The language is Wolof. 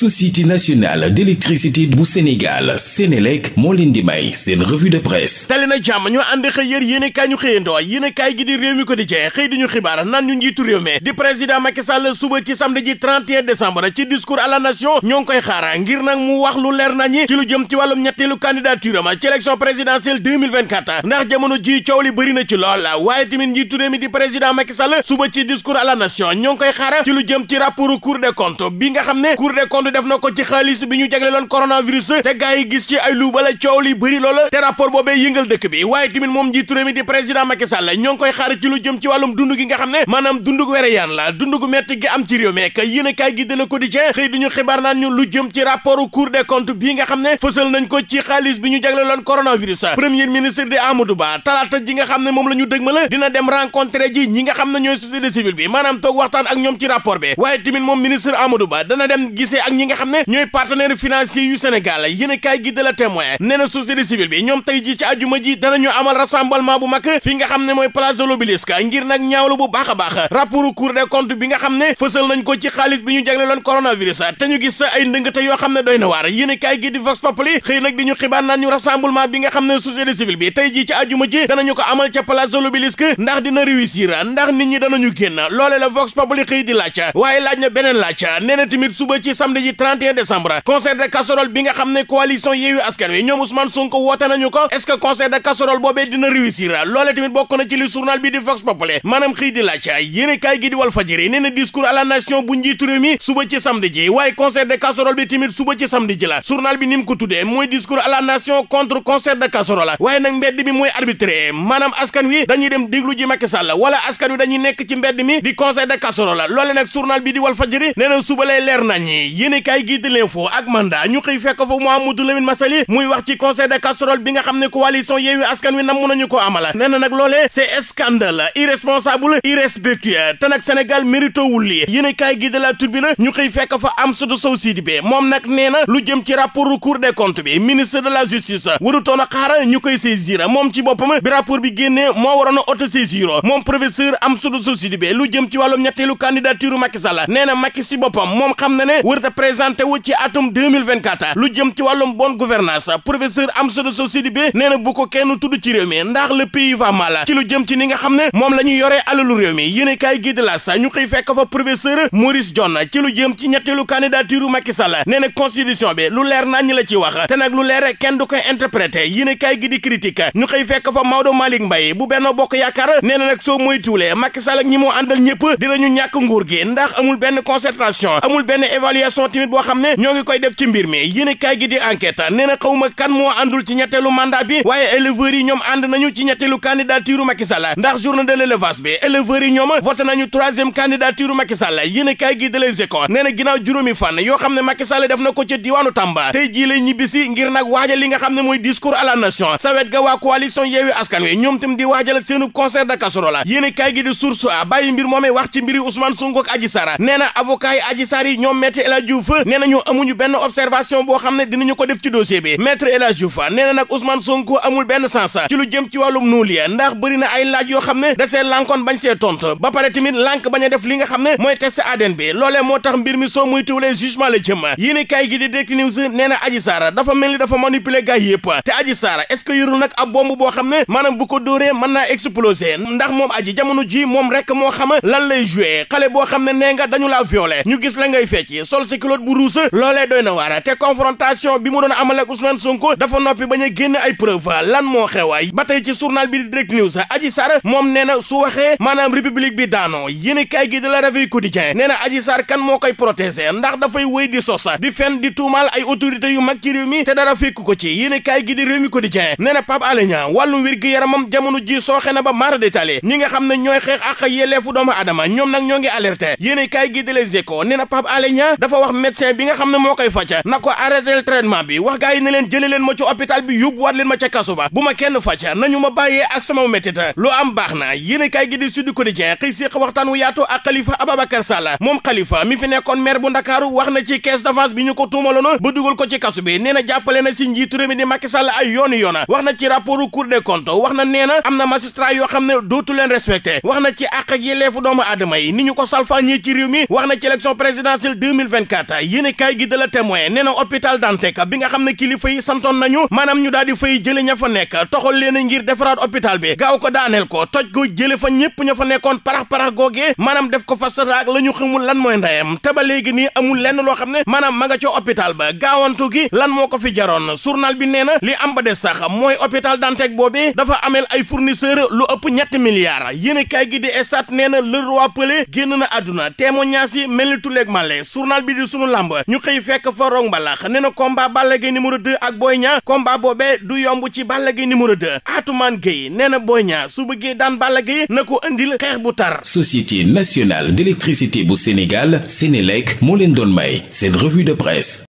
société nationale d'électricité bu Sénégal Sénélec moo leen di may de presse tali na jàmm ñu ànd xëy yér yéenekaay ñu xëyandoo yéenekaay gi di réew mi ko di jeex xëy diñu xibaar naan ñu njiitu réew mi di président Macky ci samedi ji 31 ci discours à la nation ñoo koy xaara ngir nag mu wax lu leer nañi ci lu jëm ci wàllum ñetteelu candidature ci élection présidentielle ndax jamono ji coow li bëri ci lool waaye tamit njiitu réew mi di Andu def na ko ci xaalis bi ñu jagleeloon coronavirus te gaa gis ci ay lu bala coow li bëri loola te rapport boobee yëngal dëkk bi waaye tamit moom njiitu mi di président Macky Sall ñoo koy xaar ci lu jëm ci wàllum dund gi nga xam ne maanaam dund gu la dund metti gi am ci réew meek yéen a kaay gi de Le xëy duñu xibaar naan lu jëm ci rapport Cour des comptes bii nga xam ne fësal nañ ko ci xaalis bi ñu jagleeloon coronavirus premier ministre di ñi nga xam ne ñooy partenaire financier yu Sénégal yéen a kaay gi de la témoin nee na société bi ñoom tey ji ci àjjuma ji danañu amal rassemblement bu mag fi nga xam ne mooy place de l'Obélisque ngir nag ñaawlu bu baax baax rapport Cour des bi nga xam ne fësal ko ci xaalis bi ñu jagleeloon coronavirus te ñu gis ay yoo xam ne doy na waar a kaay gi di Vox Populi xëy nag bi nga xam ne société civile bi tey ji ci àjjuma ko amal ca place de l'Obélisque ndax dina réussir ndax nit ñi danañu génn loole la Vox Populi xëy di laaj waaye laaj na beneen laaj nee na tamit suba ci samedi ji 31 décembre concert de casserole xam ne coalition Yewwi Askan Wi ñoom Ousmane Sonko woote nañu ko est-ce que concert de dina réussir loole tamit bokk na ci li bi di Vox Populi maanaam xëy di laaj yéen gi di Walf Fadjri nee na la nation bu mi suba ci samedi ji waaye concert de casserole bi tamit suba ci samedi ji la journal bi ni mu ko tuddee mooy la nation contre concert de casserole waaye nag yéenekaay gii di l'info ak mandat ñu xëy fekk fa Mouhamadou Lamine Massaly muy wax ci de casserole bi xam ne coalition Yewwi Askan Wi nam nañu ko amala nee na nag loolee c'est scandale irresponsable irrespectueux te nag Sénégal mérito wul lii yéenekaay gii di La Tribune ñu xëy fekk fa Amsatou Sow Sidibé moom nag nee na lu jëm ci rapport Cour des comptes bi ministre de la justice warutoon a xaar ñu koy saisir moom ci boppam bi rapport bi génnee moo waroon a autosaisir moom professeur Amsatou Sow Sidibé lu jëm ci wàllum ñetteelu candidature Macky Sall ne wërta présenté wu ci atum 2024 lu jëm ci wàllum bonne gouvernance professeur Amsatou Sow Sidibé nee na bu ko kenn tudd ci réew mi ndax le pays va mal ci lu jëm ci ni nga xam ne moom la ñu yore alalu réew mi yéen kaay gi de la sa ñu xëy fekk fa professeur Maurice John ci lu jëm ci ñetteelu candidature Macky Sall nee na constitution bi lu leer na ñi la ci wax te nag lu leer kenn du koy interprété yéen kaay gi di critique ñu xëy fekk fa Maodo Malick Mbaye bu Benno Bokk Yaakaar nee na nag soo moytuwulee Macky Sall ak ñi moo àndal ñëpp dinañu ñàkk nguur gi ndax amul benn concertation amul benn évaluation tamit boo xam ne ñoo ngi koy def ci mbir mi yéen kaay gi di enquête nee na xaw ma kan moo àndul ci ñetteelu mandat bi waaye éleveurs yi ñoom ànd nañu ci ñetteelu candidature Macky Sall ndax journée de l'élevage bi éleveurs yi ñoom voté nañu troisième candidature Macky Sall yéen kaay gi di Les Échos nee na ginnaaw juróomi fan yoo xam ne Macky Sall def na ko ca diwaanu Tamba tey jii lay ñibbisi ngir nag waajal li nga xam ne mooy discours à la nation sawet ga waa tam di waajal seenu concert de casserole yéen Diouf nee nañu amuñu benn observation boo xam ne dinañu ko def ci dossier bi maître El Hadj Diouf nee na nag Ousmane Sonko amul benn sens ci lu jëm ci wàllum nuul ya ndax bëri na ay laaj yoo xam ne da see lànkoon bañ see tont ba pare tamit lànk bañ def li nga xam ne mooy test ADN bi loolee moo tax mbir mi soo muy tuulee jugement la jëm yéen kaay gi di Direct News nee na Adji dafa mel ni dafa manipuler gars yëpp te Adji Sarr est-ce que yorul nag ab bomb boo xam ne maanaam bu ko dóoree mën moom aji jamono ji moom rek moo xam lan lay jouer xale boo xam ne nee nga dañu la violer ñu gis la ngay fecc sol flotte bu ruus loolee doy na waar te confrontation bi mu doon amal ak Ousmane Sonko dafa noppi bañ a génn ay preuve lan moo xewaay ba tey ci journal bi di direct news Adji Sarr moom nee na su waxee maanaam république bi daanoo yéen kay gi de la Réveil Quotidien nee na Adji Sarr kan moo koy protéger ndax dafay wéy di sos di fen di tuumaal ay autorités yu mag ci réew mi te dara fekk ko ci yéen kay gi di réew mi Quotidien nee na Pape Alé Niang wàllum wér gi yaramam jamono na ba mara détaillé ñi nga xam ne ñooy xeex ak yelleefu doomu aadama ñoom nag ñoo ngi alerté yéen kay gi de Les na Pape médecin bi nga xam ne moo koy faj na ko arrêté traitement bi wax gaa yi ne leen jëlee leen ma ci hôpital bi yóbbuwaat leen ma ca kaso ba bu ma kenn faj nañu ma bàyyee ak sama métit lu am baax na yéen kay gi di Sud Quotidien xëy séq waxtaan wu yaatu a Khalifa Ababacar Sall moom Khalifa mi fi nekkoon maire bu Ndakaaru wax na ci caisse d'avance bi ñu ko tuumaloon ba dugal ko ci kaso bi nee na jàppale na si njiitu réew mi di Macky Sall ay yoon yoon wax na ci rapportu Cour wax na nee na am na magistrat yoo xam ne dootu leen respecté wax na ci àq ak yelleefu yi ni ñu ko salfaañee ci réew mi wax na ci élection présidentielle yéene kaay gi de la témoin nee na hôpital Dantec bi nga xam ne kilifa yi santoon nañu maanaam ñu daal di fay jële ña fa nekk toxal leen ngir defaraat hôpital bi gaaw ko daaneel ko toj ko jële fa ñëpp ña fa nekkoon parax-parax googee maanaam def ko fa saraak la ñu xamul lan mooy ndeyam te ba nii amul lenn loo xam ne maanaam ma nga ca hôpital ba gaawantu gi lan moo ko fi jaroon journal bi nee na li am ba des sax mooy hôpital Dantec boobi dafa ameel ay fournisseur lu ëpp ñetti milliards yéene kaay gi di esat nee na le roi Pelé génn na àdduna témoignage yi mel ni tuleeg male journal bi di sunu làmb ñu xëy fekk fa rong balax ne na combat Balla Gaye numéro 2 ak Boy Niang combat boobee du yomb ci Balla Gaye numéro 2 Atoumane Gueye nee na Boy Niang su bëggee daan Balla Gaye na ko andil xeex bu tar Société nationale d'électricité bu Sénégal Sénélec moo leen doon may seen revue de presse